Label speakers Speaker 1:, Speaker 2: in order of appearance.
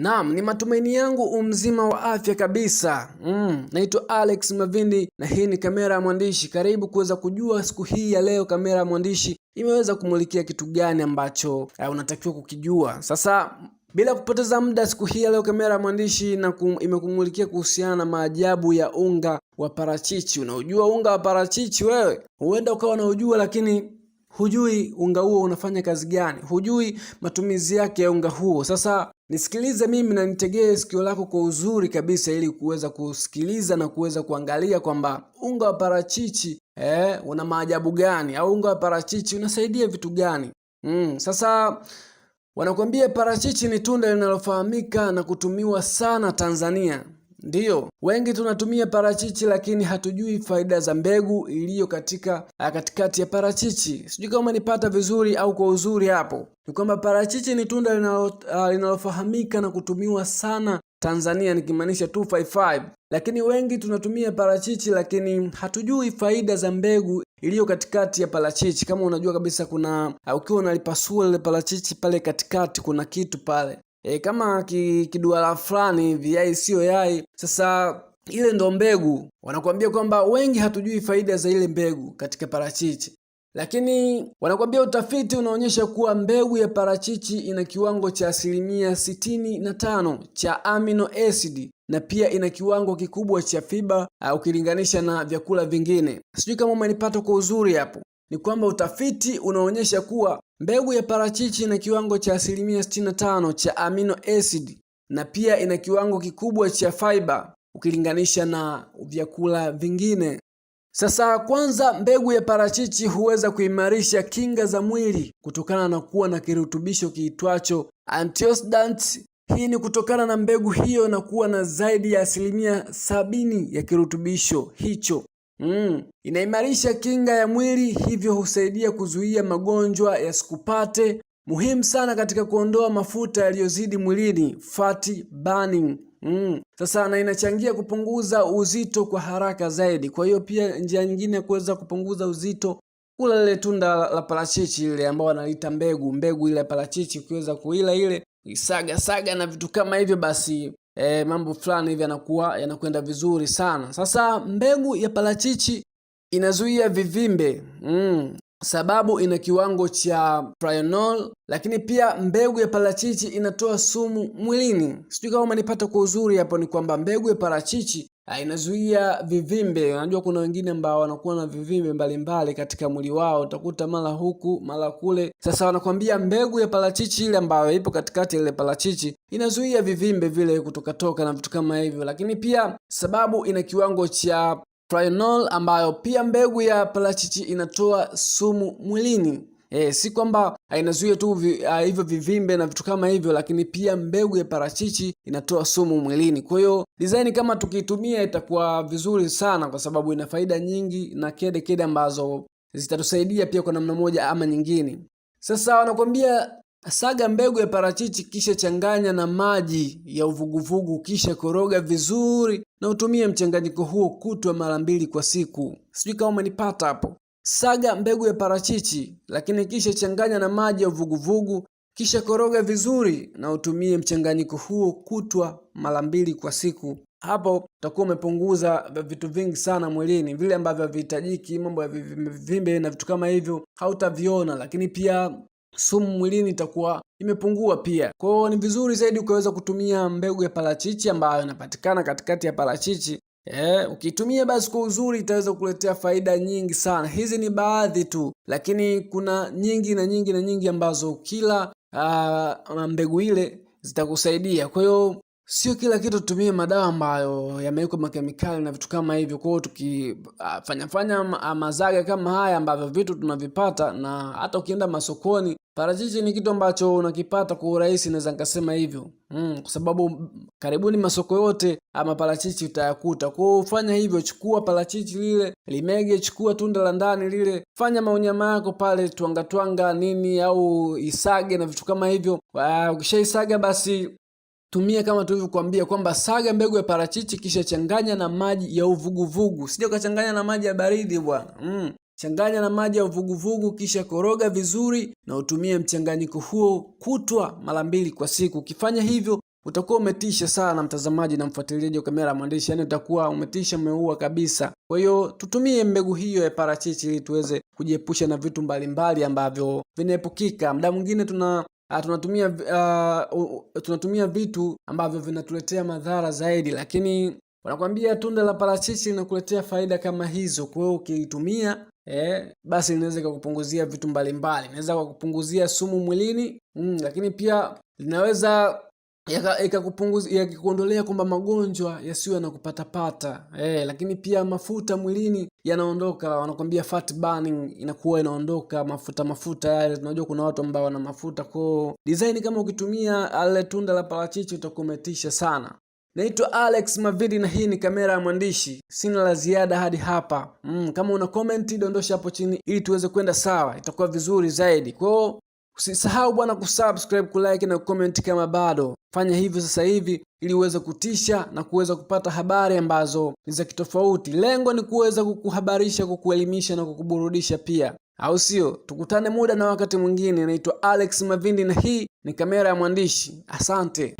Speaker 1: Naam, ni matumaini yangu umzima wa afya kabisa. Mm, naitwa Alex Mavindi na hii ni kamera ya mwandishi. Karibu kuweza kujua siku hii ya leo kamera ya mwandishi imeweza kumulikia kitu gani ambacho uh, unatakiwa kukijua. Sasa bila kupoteza muda, siku hii ya leo kamera ya mwandishi na kum, imekumulikia kuhusiana na maajabu ya unga wa parachichi. Unaujua unga wa parachichi wewe? Huenda ukawa unaujua lakini hujui unga huo unafanya kazi gani, hujui matumizi yake ya unga huo. Sasa nisikilize mimi na nitegee sikio lako kwa uzuri kabisa, ili kuweza kusikiliza na kuweza kuangalia kwamba unga wa parachichi eh, una maajabu gani, au unga wa parachichi unasaidia vitu gani? Mm, sasa wanakuambia parachichi ni tunda linalofahamika na kutumiwa sana Tanzania. Ndiyo, wengi tunatumia parachichi lakini hatujui faida za mbegu iliyo katika ah, katikati ya parachichi. Sijui kama nipata vizuri au kwa uzuri hapo. Ni kwamba parachichi ni tunda ah, linalofahamika uh, na kutumiwa sana Tanzania nikimaanisha 255. Lakini wengi tunatumia parachichi lakini hatujui faida za mbegu iliyo katikati ya parachichi. Kama unajua kabisa kuna uh, ukiwa unalipasua ile parachichi pale katikati kuna kitu pale e, kama kiduara fulani hivi, yai siyo yai. Sasa ile ndo mbegu. Wanakuambia kwamba wengi hatujui faida za ile mbegu katika parachichi, lakini wanakuambia utafiti unaonyesha kuwa mbegu ya parachichi ina kiwango cha asilimia sitini na tano cha amino acid na pia ina kiwango kikubwa cha fiba uh, ukilinganisha na vyakula vingine. Sijui kama umenipata kwa uzuri hapo ni kwamba utafiti unaonyesha kuwa mbegu ya parachichi ina kiwango cha asilimia 65 cha amino acid na pia ina kiwango kikubwa cha fiber ukilinganisha na vyakula vingine. Sasa kwanza, mbegu ya parachichi huweza kuimarisha kinga za mwili kutokana na kuwa na kirutubisho kiitwacho antioxidants. Hii ni kutokana na mbegu hiyo na kuwa na zaidi ya asilimia sabini ya kirutubisho hicho Mm. Inaimarisha kinga ya mwili hivyo husaidia kuzuia magonjwa yasikupate. Muhimu sana katika kuondoa mafuta yaliyozidi mwilini, fat burning. Mm. Sasa na inachangia kupunguza uzito kwa haraka zaidi. Kwa hiyo pia njia nyingine ya kuweza kupunguza uzito kula lile tunda la parachichi ile ambao wanaita mbegu, mbegu ile ya parachichi, ukiweza kuila ile isaga saga na vitu kama hivyo, basi e, mambo fulani hivi yanakuwa yanakwenda vizuri sana. Sasa mbegu ya parachichi inazuia vivimbe mm, sababu ina kiwango cha prionol, lakini pia mbegu ya parachichi inatoa sumu mwilini. Sijui kama umenipata kwa uzuri hapo. Ni kwamba mbegu ya parachichi Ah, inazuia vivimbe. Unajua kuna wengine ambao wanakuwa na vivimbe mbalimbali katika mwili wao, utakuta mara huku mara kule. Sasa wanakwambia mbegu ya parachichi ile ambayo ipo katikati ile parachichi inazuia vivimbe vile kutokatoka na vitu kama hivyo, lakini pia sababu ina kiwango cha prionol ambayo pia mbegu ya parachichi inatoa sumu mwilini. E, si kwamba inazuia tu vi, ah, hivyo vivimbe na vitu kama hivyo, lakini pia mbegu ya parachichi inatoa sumu mwilini. Kwa hiyo design kama tukiitumia itakuwa vizuri sana, kwa sababu ina faida nyingi na kede kede ambazo zitatusaidia pia kwa namna moja ama nyingine. Sasa wanakuambia saga mbegu ya parachichi, kisha changanya na maji ya uvuguvugu, kisha koroga vizuri na utumie mchanganyiko huo kutwa mara mbili kwa siku. Sijui kama umenipata hapo. Saga mbegu ya parachichi, lakini kisha changanya na maji ya uvuguvugu, kisha koroga vizuri na utumie mchanganyiko huo kutwa mara mbili kwa siku. Hapo utakuwa umepunguza vitu vingi sana mwilini, vile ambavyo havihitajiki, mambo ya vimbe na vitu kama hivyo hautaviona, lakini pia sumu mwilini itakuwa imepungua pia. Kwa hiyo ni vizuri zaidi ukaweza kutumia mbegu ya parachichi ambayo inapatikana katikati ya parachichi Eh, ukitumia basi kwa uzuri itaweza kukuletea faida nyingi sana. Hizi ni baadhi tu, lakini kuna nyingi na nyingi na nyingi ambazo kila uh, mbegu ile zitakusaidia. Kwa hiyo sio kila kitu tutumie madawa ambayo yamewekwa makemikali na vitu kama hivyo. Kwa hiyo tukifanyafanya ah, mazaga ah, kama haya ambavyo vitu tunavipata, na hata ukienda masokoni parachichi ni kitu ambacho unakipata kwa urahisi, naweza nikasema hivyo mm, kwa sababu karibuni masoko yote ama parachichi utayakuta. Kwa hiyo fanya hivyo, chukua parachichi lile, limege, chukua tunda la ndani lile, fanya maonyama yako pale, twangatwanga nini au isage na vitu kama hivyo. Ah, ukishaisaga basi tumia kama tulivyokuambia kwamba saga mbegu ya parachichi kisha changanya na maji ya uvuguvugu, sije ukachanganya na maji ya baridi bwana. Mm. Changanya na maji ya uvuguvugu kisha koroga vizuri na utumie mchanganyiko huo kutwa mara mbili kwa siku. Ukifanya hivyo utakuwa umetisha sana mtazamaji na mfuatiliaji wa kamera mwandishi, yani utakuwa umetisha, umeua kabisa. Kwa hiyo tutumie mbegu hiyo ya parachichi ili tuweze kujiepusha na vitu mbalimbali ambavyo vinaepukika. Muda mwingine tuna uh, tunatumia, uh, tunatumia vitu ambavyo vinatuletea madhara zaidi, lakini wanakwambia tunda la parachichi linakuletea faida kama hizo. Kwa hiyo ukiitumia eh, basi linaweza kukupunguzia vitu mbalimbali, inaweza kukupunguzia sumu mwilini mm, lakini pia linaweza yakikuondolea yaka kwamba magonjwa yasiyo yanakupatapata eh, lakini pia mafuta mwilini yanaondoka. Wanakwambia fat burning inakuwa inaondoka, mafuta mafuta yale. Tunajua kuna watu ambao wana mafuta koo design. Kama ukitumia ale tunda la parachichi utakuwa umetisha sana. Naitwa Alex Mavidi na hii ni kamera ya mwandishi. Sina la ziada hadi hapa. Mm, kama una komenti dondosha hapo chini ili tuweze kwenda sawa, itakuwa vizuri zaidi kwao. Usisahau bwana kusubscribe, kulike na comment kama bado. Fanya hivyo sasa hivi ili uweze kutisha na kuweza kupata habari ambazo ni za kitofauti. Lengo ni kuweza kukuhabarisha, kukuelimisha na kukuburudisha pia, au sio? Tukutane muda na wakati mwingine. Naitwa Alex Mavindi na hii ni kamera ya mwandishi. Asante.